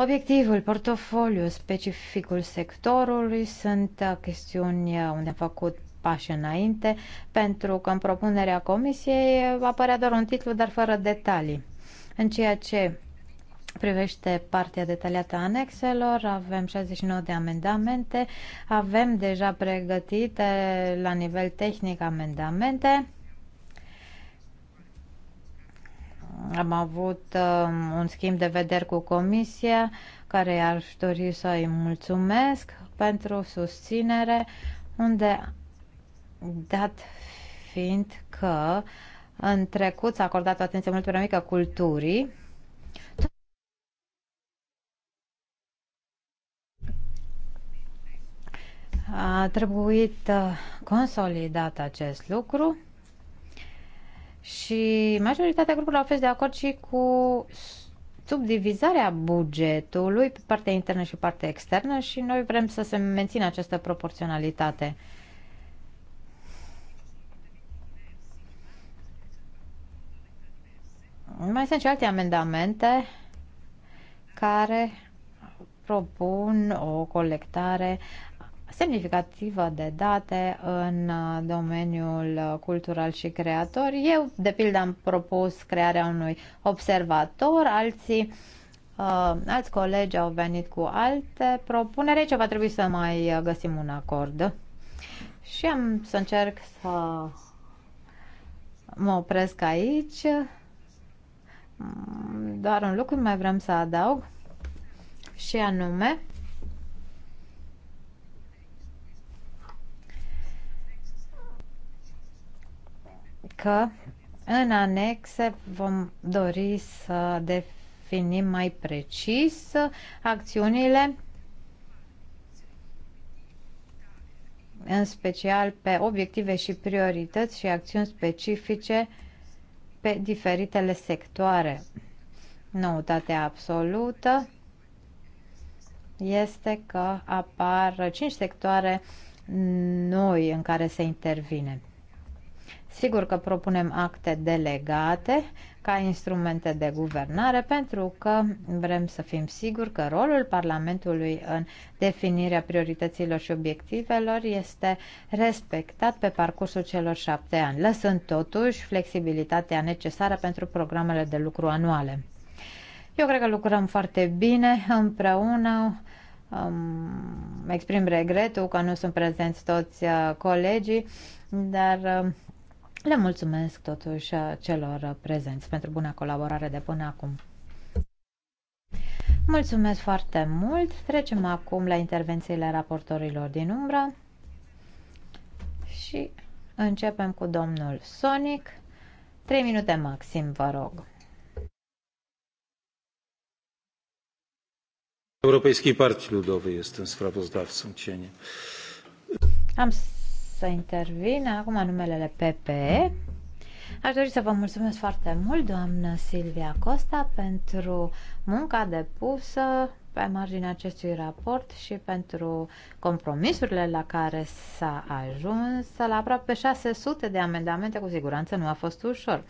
Obiectivul, portofoliu, specificul sectorului sunt uh, chestiuni uh, unde am făcut pași înainte, pentru că în propunerea comisiei uh, apărea doar un titlu, dar fără detalii. În ceea ce privește partea detaliată a anexelor, avem 69 de amendamente, avem deja pregătite la nivel tehnic amendamente am avut uh, un schimb de vederi cu comisia, care aș dori să îi mulțumesc pentru susținere, unde dat fiind că în trecut s-a acordat o atenție mult prea mică culturii, a trebuit uh, consolidat acest lucru și majoritatea grupurilor au fost de acord și cu subdivizarea bugetului pe partea internă și partea externă și noi vrem să se mențină această proporționalitate. Mai sunt și alte amendamente care propun o colectare semnificativă de date în uh, domeniul uh, cultural și creator. Eu, de pildă, am propus crearea unui observator, alții Uh, alți colegi au venit cu alte propuneri. ce va trebui să mai uh, găsim un acord. Și am să încerc să mă opresc aici. Mm, doar un lucru mai vrem să adaug și anume că în anexe vom dori să definim mai precis acțiunile în special pe obiective și priorități și acțiuni specifice pe diferitele sectoare. Noutatea absolută este că apar cinci sectoare noi în care se intervine. Sigur că propunem acte delegate ca instrumente de guvernare pentru că vrem să fim siguri că rolul Parlamentului în definirea priorităților și obiectivelor este respectat pe parcursul celor șapte ani, lăsând totuși flexibilitatea necesară pentru programele de lucru anuale. Eu cred că lucrăm foarte bine împreună. Um, exprim regretul că nu sunt prezenți toți uh, colegii, dar uh, le mulțumesc totuși celor prezenți pentru buna colaborare de până acum. Mulțumesc foarte mult. Trecem acum la intervențiile raportorilor din umbră și începem cu domnul Sonic. 3 minute maxim, vă rog. Europejskiej Partii Ludowej jestem sprawozdawcą cienie. Am să intervină acum numelele PPE. Aș dori să vă mulțumesc foarte mult, doamnă Silvia Costa, pentru munca depusă pe marginea acestui raport și pentru compromisurile la care s-a ajuns la aproape 600 de amendamente, cu siguranță nu a fost ușor.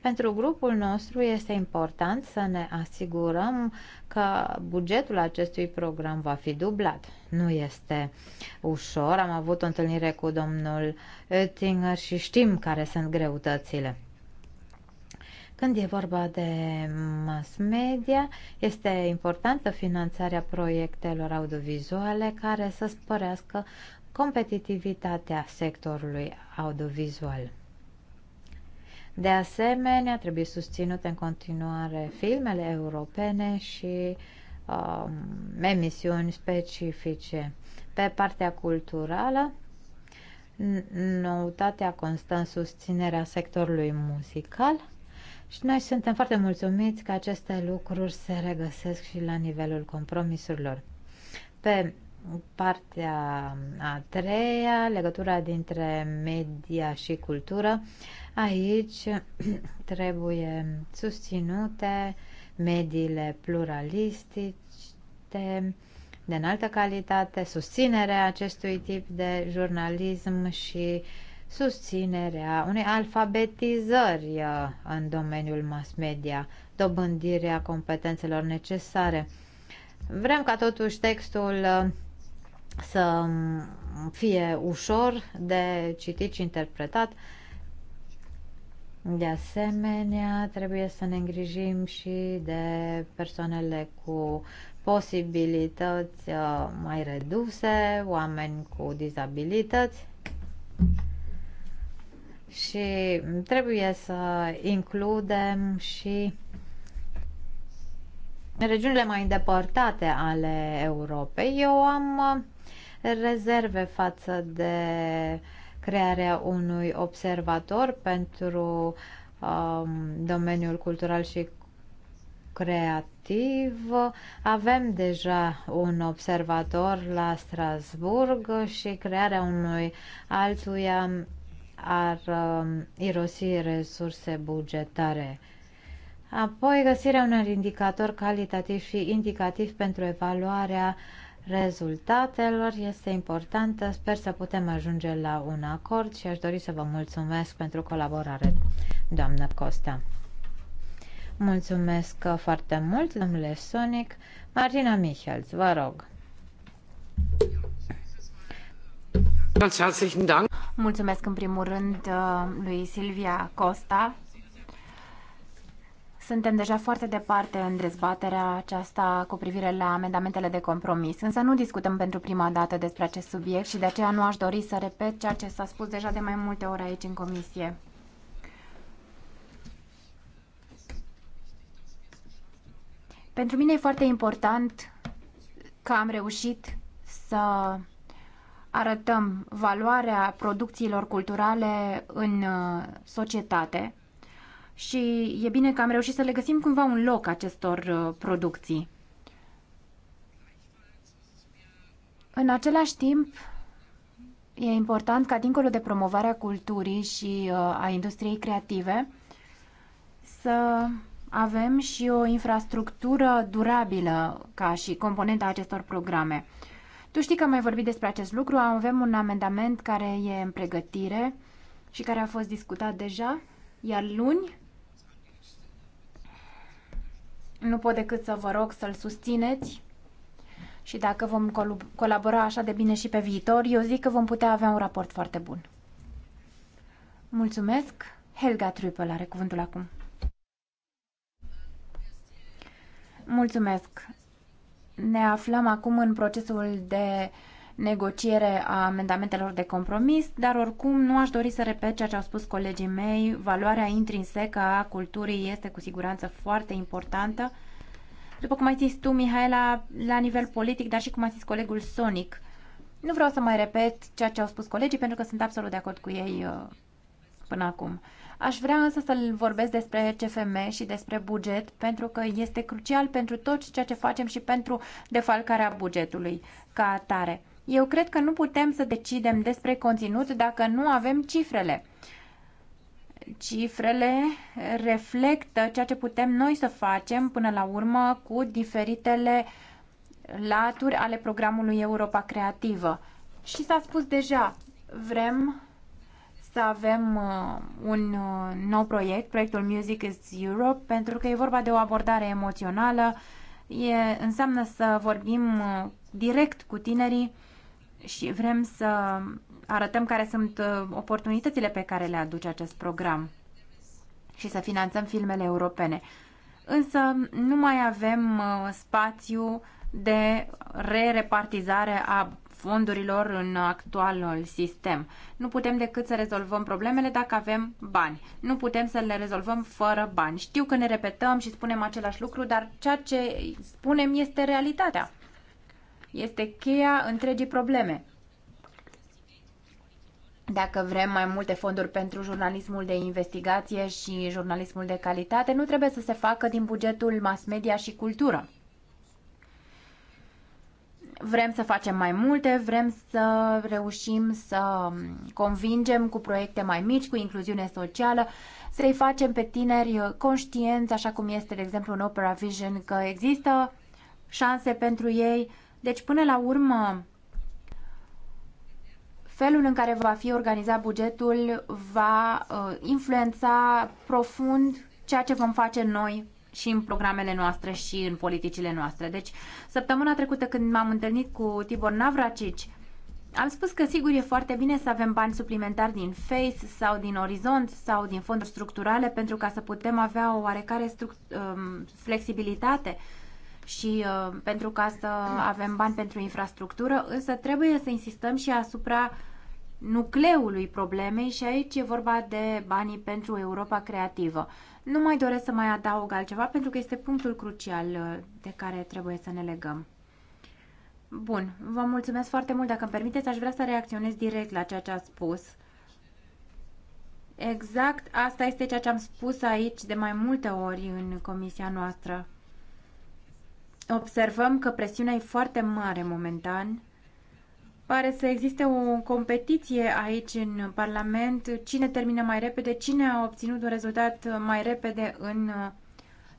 Pentru grupul nostru este important să ne asigurăm că bugetul acestui program va fi dublat. Nu este ușor, am avut o întâlnire cu domnul Oettinger și știm care sunt greutățile. Când e vorba de mass media, este importantă finanțarea proiectelor audiovizuale care să sporească competitivitatea sectorului audiovizual. De asemenea, trebuie susținute în continuare filmele europene și um, emisiuni specifice. Pe partea culturală, noutatea constă în susținerea sectorului muzical, și noi suntem foarte mulțumiți că aceste lucruri se regăsesc și la nivelul compromisurilor. Pe partea a treia, legătura dintre media și cultură, aici (clears throat) trebuie susținute mediile pluralistice, de înaltă calitate, susținerea acestui tip de jurnalism și uh, susținerea unei alfabetizări uh, în domeniul mass media, dobândirea competențelor necesare. Vrem ca totuși textul uh, să um, fie ușor de citit și interpretat. De asemenea, trebuie să ne îngrijim și de persoanele cu posibilități uh, mai reduse, oameni cu dizabilități și trebuie să includem și regiunile mai îndepărtate ale Europei. Eu am uh, rezerve față de crearea unui observator pentru um, domeniul cultural și creativ. Avem deja un observator la Strasburg și crearea unui altuia ar uh, irosi resurse bugetare. Apoi găsirea unor indicatori calitativ și indicativ pentru evaluarea rezultatelor este importantă. Sper să putem ajunge la un acord și aș dori să vă mulțumesc pentru colaborare, doamnă Costa. Mulțumesc foarte mult, domnule Sonic. Martina Michels, vă rog. Mulțumesc în primul rând uh, lui Silvia Costa. Suntem deja foarte departe în dezbaterea aceasta cu privire la amendamentele de compromis, însă nu discutăm pentru prima dată despre acest subiect și de aceea nu aș dori să repet ceea ce s-a spus deja de mai multe ori aici în comisie. Pentru mine e foarte important că am reușit să arătăm valoarea producțiilor culturale în uh, societate și e bine că am reușit să le găsim cumva un loc acestor uh, producții. În același timp, e important ca, dincolo de promovarea culturii și uh, a industriei creative, să avem și o infrastructură durabilă ca și componenta acestor programe. Tu știi că am mai vorbit despre acest lucru, avem un amendament care e în pregătire și care a fost discutat deja, iar luni nu pot decât să vă rog să-l susțineți și dacă vom colabora așa de bine și pe viitor, eu zic că vom putea avea un raport foarte bun. Mulțumesc! Helga Trüppel are cuvântul acum. Mulțumesc! Ne aflăm acum în procesul de negociere a amendamentelor de compromis, dar oricum nu aș dori să repet ceea ce au spus colegii mei. Valoarea intrinsecă a culturii este cu siguranță foarte importantă. După cum ai zis tu, Mihaela, la nivel politic, dar și cum a zis colegul Sonic, nu vreau să mai repet ceea ce au spus colegii pentru că sunt absolut de acord cu ei uh, până acum. Aș vrea însă să-l vorbesc despre CFM și despre buget, pentru că este crucial pentru tot ceea ce facem și pentru defalcarea bugetului ca atare. Eu cred că nu putem să decidem despre conținut dacă nu avem cifrele. Cifrele reflectă ceea ce putem noi să facem până la urmă cu diferitele laturi ale programului Europa Creativă. Și s-a spus deja, vrem să avem uh, un uh, nou proiect, proiectul Music is Europe, pentru că e vorba de o abordare emoțională, e, înseamnă să vorbim uh, direct cu tinerii și vrem să arătăm care sunt uh, oportunitățile pe care le aduce acest program și să finanțăm filmele europene. Însă nu mai avem uh, spațiu de re-repartizare a fondurilor în actualul sistem. Nu putem decât să rezolvăm problemele dacă avem bani. Nu putem să le rezolvăm fără bani. Știu că ne repetăm și spunem același lucru, dar ceea ce spunem este realitatea. Este cheia întregii probleme. Dacă vrem mai multe fonduri pentru jurnalismul de investigație și jurnalismul de calitate, nu trebuie să se facă din bugetul mass media și cultură. Vrem să facem mai multe, vrem să reușim să convingem cu proiecte mai mici, cu incluziune socială, să-i facem pe tineri conștienți, așa cum este, de exemplu, în Opera Vision, că există șanse pentru ei. Deci, până la urmă, felul în care va fi organizat bugetul va uh, influența profund ceea ce vom face noi și în programele noastre și în politicile noastre. Deci, săptămâna trecută când m-am întâlnit cu Tibor Navracici, am spus că sigur e foarte bine să avem bani suplimentari din FACE sau din Orizont sau din fonduri structurale pentru ca să putem avea o oarecare um, flexibilitate și uh, pentru ca să avem bani pentru infrastructură, însă trebuie să insistăm și asupra nucleului problemei și aici e vorba de banii pentru Europa creativă. Nu mai doresc să mai adaug altceva pentru că este punctul crucial uh, de care trebuie să ne legăm. Bun, vă mulțumesc foarte mult. Dacă îmi permiteți, aș vrea să reacționez direct la ceea ce ați spus. Exact asta este ceea ce am spus aici de mai multe ori în comisia noastră. Observăm că presiunea e foarte mare momentan pare să existe o competiție aici în Parlament, cine termină mai repede, cine a obținut un rezultat mai repede în uh,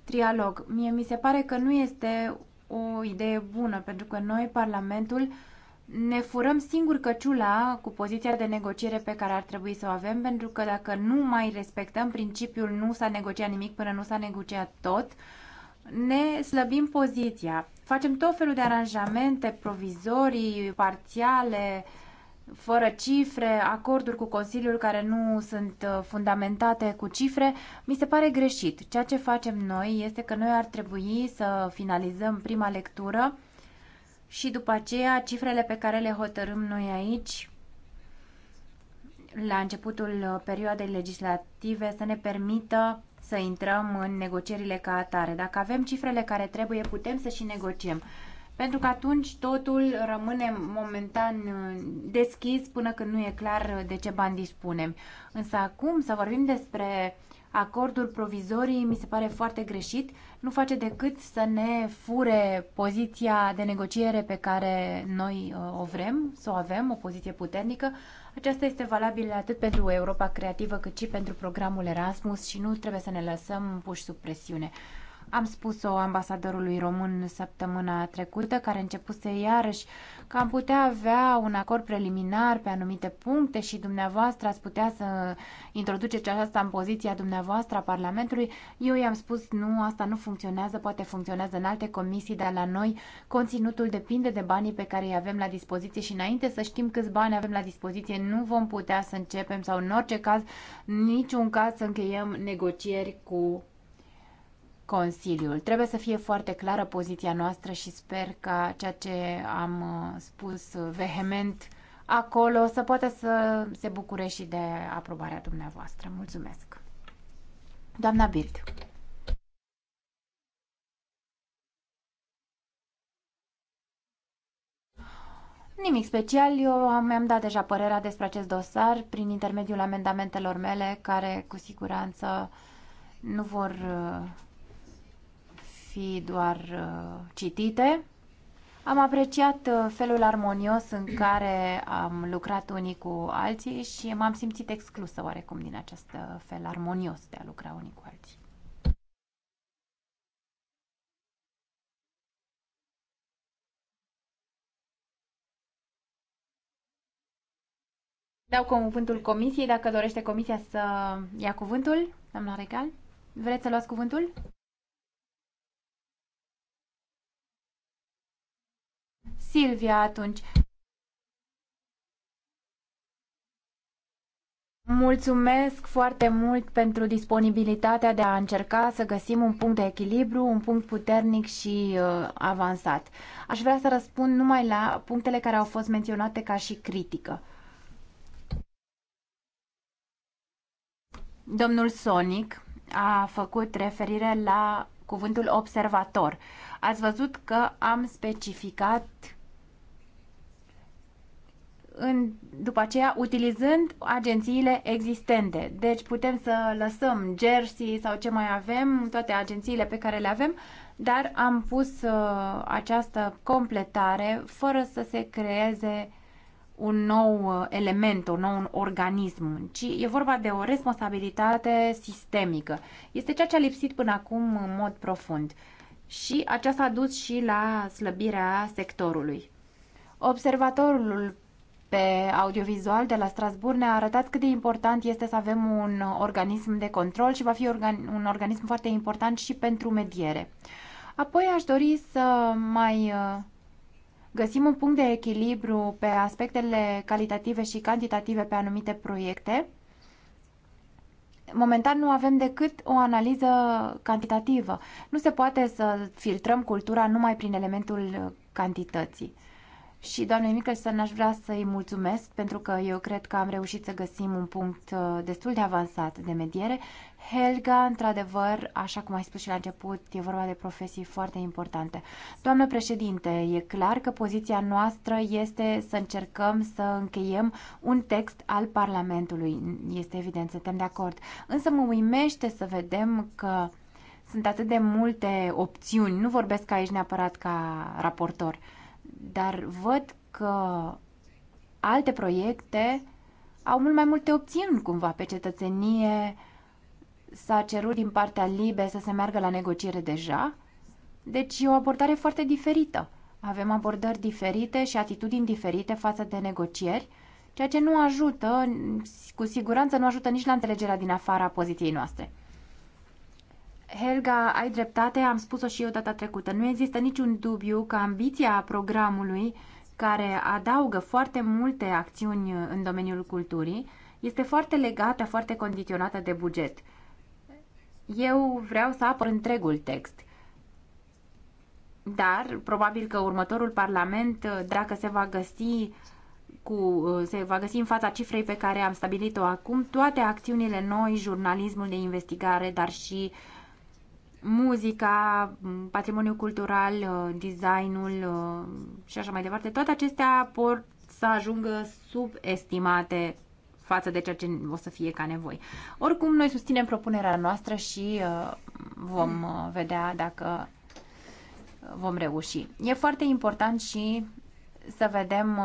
trialog. Mie mi se pare că nu este o idee bună, pentru că noi, Parlamentul, ne furăm singur căciula cu poziția de negociere pe care ar trebui să o avem, pentru că dacă nu mai respectăm principiul nu s-a negociat nimic până nu s-a negociat tot, uh, ne slăbim poziția. Facem tot felul de aranjamente provizorii, parțiale, fără cifre, acorduri cu Consiliul care nu sunt uh, fundamentate cu cifre, mi se pare greșit. Ceea ce facem noi este că noi ar trebui să finalizăm prima lectură și după aceea cifrele pe care le hotărâm noi aici la începutul uh, perioadei legislative să ne permită să intrăm în negocierile ca atare. Dacă avem cifrele care trebuie, putem să și negociem. Pentru că atunci totul rămâne momentan uh, deschis până când nu e clar uh, de ce bani dispunem. Însă acum să vorbim despre acordul provizorii mi se pare foarte greșit. Nu face decât să ne fure poziția de negociere pe care noi uh, o vrem, să o avem, o poziție puternică. Aceasta este valabilă atât pentru Europa Creativă cât și pentru programul Erasmus și nu trebuie să ne lăsăm puși sub presiune. Am spus-o ambasadorului român săptămâna trecută, care începuse iarăși că am putea avea un acord preliminar pe anumite puncte și dumneavoastră ați putea să introduceți aceasta în poziția dumneavoastră a Parlamentului. Eu i-am spus nu, asta nu funcționează, poate funcționează în alte comisii, dar la noi conținutul depinde de banii pe care îi avem la dispoziție și înainte să știm câți bani avem la dispoziție, nu vom putea să începem sau în orice caz, niciun caz să încheiem negocieri cu Consiliul. Trebuie să fie foarte clară poziția noastră și sper că ceea ce am uh, spus vehement acolo să poată să se bucure și de aprobarea dumneavoastră. Mulțumesc! Doamna Bild. Nimic special, eu mi-am dat deja părerea despre acest dosar prin intermediul amendamentelor mele, care cu siguranță nu vor uh, fi doar uh, citite. Am apreciat uh, felul armonios în care am lucrat unii cu alții și m-am simțit exclusă oarecum din acest uh, fel armonios de a lucra unii cu alții. Dau cuvântul comisiei, dacă dorește comisia să ia cuvântul, doamna Regal. Vreți să luați cuvântul? Silvia atunci. Mulțumesc foarte mult pentru disponibilitatea de a încerca să găsim un punct de echilibru, un punct puternic și uh, avansat. Aș vrea să răspund numai la punctele care au fost menționate ca și critică. Domnul Sonic a făcut referire la cuvântul observator. Ați văzut că am specificat în, după aceea utilizând agențiile existente. Deci putem să lăsăm Jersey sau ce mai avem, toate agențiile pe care le avem, dar am pus uh, această completare fără să se creeze un nou uh, element, un nou organism, ci e vorba de o responsabilitate sistemică. Este ceea ce a lipsit până acum în mod profund și aceasta a dus și la slăbirea sectorului. Observatorul pe audiovizual de la Strasbourg ne-a arătat cât de important este să avem un organism de control și va fi organ- un organism foarte important și pentru mediere. Apoi aș dori să mai uh, găsim un punct de echilibru pe aspectele calitative și cantitative pe anumite proiecte. Momentan nu avem decât o analiză cantitativă. Nu se poate să filtrăm cultura numai prin elementul cantității. Și, doamne Michelson, aș vrea să-i mulțumesc pentru că eu cred că am reușit să găsim un punct uh, destul de avansat de mediere. Helga, într-adevăr, așa cum ai spus și la început, e vorba de profesii foarte importante. Doamnă președinte, e clar că poziția noastră este să încercăm să încheiem un text al Parlamentului. Este evident, suntem de acord. Însă mă uimește să vedem că sunt atât de multe opțiuni. Nu vorbesc aici neapărat ca raportor dar văd că alte proiecte au mult mai multe opțiuni cumva pe cetățenie. S-a cerut din partea Libe să se meargă la negociere deja. Deci e o abordare foarte diferită. Avem abordări diferite și atitudini diferite față de negocieri, ceea ce nu ajută, cu siguranță nu ajută nici la înțelegerea din afara poziției noastre. Helga, ai dreptate, am spus-o și eu data trecută. Nu există niciun dubiu că ambiția programului, care adaugă foarte multe acțiuni în domeniul culturii, este foarte legată, foarte condiționată de buget. Eu vreau să apăr întregul text. Dar, probabil că următorul parlament, dacă se va găsi cu, se va găsi în fața cifrei pe care am stabilit-o acum, toate acțiunile noi, jurnalismul de investigare, dar și uh, muzica, patrimoniul cultural, uh, designul uh, și așa mai departe, toate acestea pot să ajungă subestimate față de ceea ce o să fie ca nevoi. Oricum, noi susținem propunerea noastră și uh, vom vedea dacă vom reuși. E foarte important și să vedem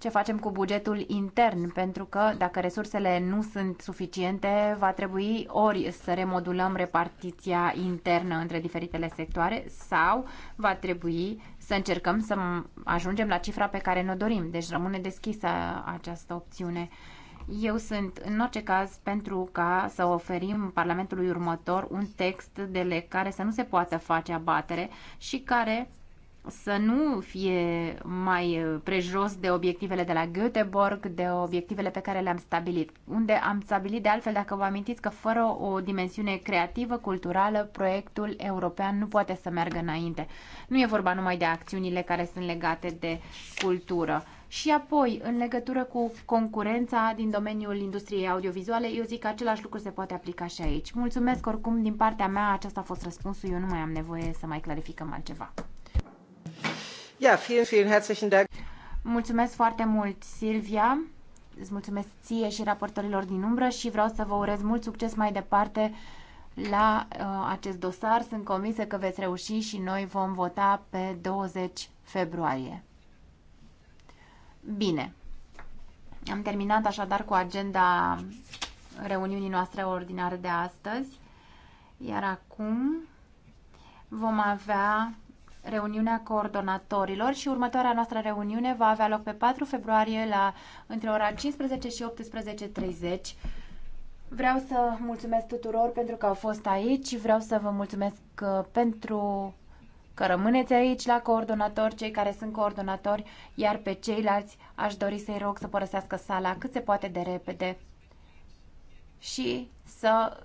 ce facem cu bugetul intern, pentru că dacă resursele nu sunt suficiente, va trebui ori să remodulăm repartiția internă între diferitele sectoare sau va trebui să încercăm să ajungem la cifra pe care ne-o dorim. Deci rămâne deschisă această opțiune. Eu sunt, în orice caz, pentru ca să oferim Parlamentului următor un text de lec care să nu se poată face abatere și care să nu fie mai eh, prejos de obiectivele de la Göteborg, de obiectivele pe care le-am stabilit. Unde am stabilit de altfel, dacă vă amintiți, că fără o dimensiune creativă, culturală, proiectul european nu poate să meargă înainte. Nu e vorba numai de acțiunile care sunt legate de cultură. Și apoi, în legătură cu concurența din domeniul industriei audiovizuale, eu zic că același lucru se poate aplica și aici. Mulțumesc oricum din partea mea, acesta a fost răspunsul, eu nu mai am nevoie să mai clarificăm altceva. Ja, vielen, vielen herzlichen Dank. Mulțumesc foarte mult, Silvia. Îți mulțumesc ție și raportorilor din umbră și vreau să vă urez mult succes mai departe la uh, acest dosar. Sunt convinsă că veți reuși și noi vom vota pe 20 februarie. Bine. Am terminat așadar cu agenda reuniunii noastre ordinare de astăzi. Iar acum vom avea reuniunea coordonatorilor și următoarea noastră reuniune va avea loc pe 4 februarie la între ora 15 și 18.30. Vreau să mulțumesc tuturor pentru că au fost aici, vreau să vă mulțumesc uh, pentru că rămâneți aici la coordonatori, cei care sunt coordonatori, iar pe ceilalți aș dori să-i rog să părăsească sala cât se poate de repede și să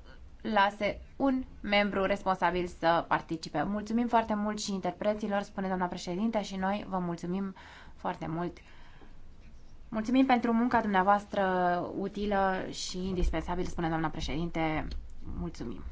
lase un membru responsabil să participe. Mulțumim foarte mult și interpreților, spune doamna președinte, și noi vă mulțumim foarte mult. Mulțumim pentru munca dumneavoastră utilă și indispensabilă, spune doamna președinte. Mulțumim!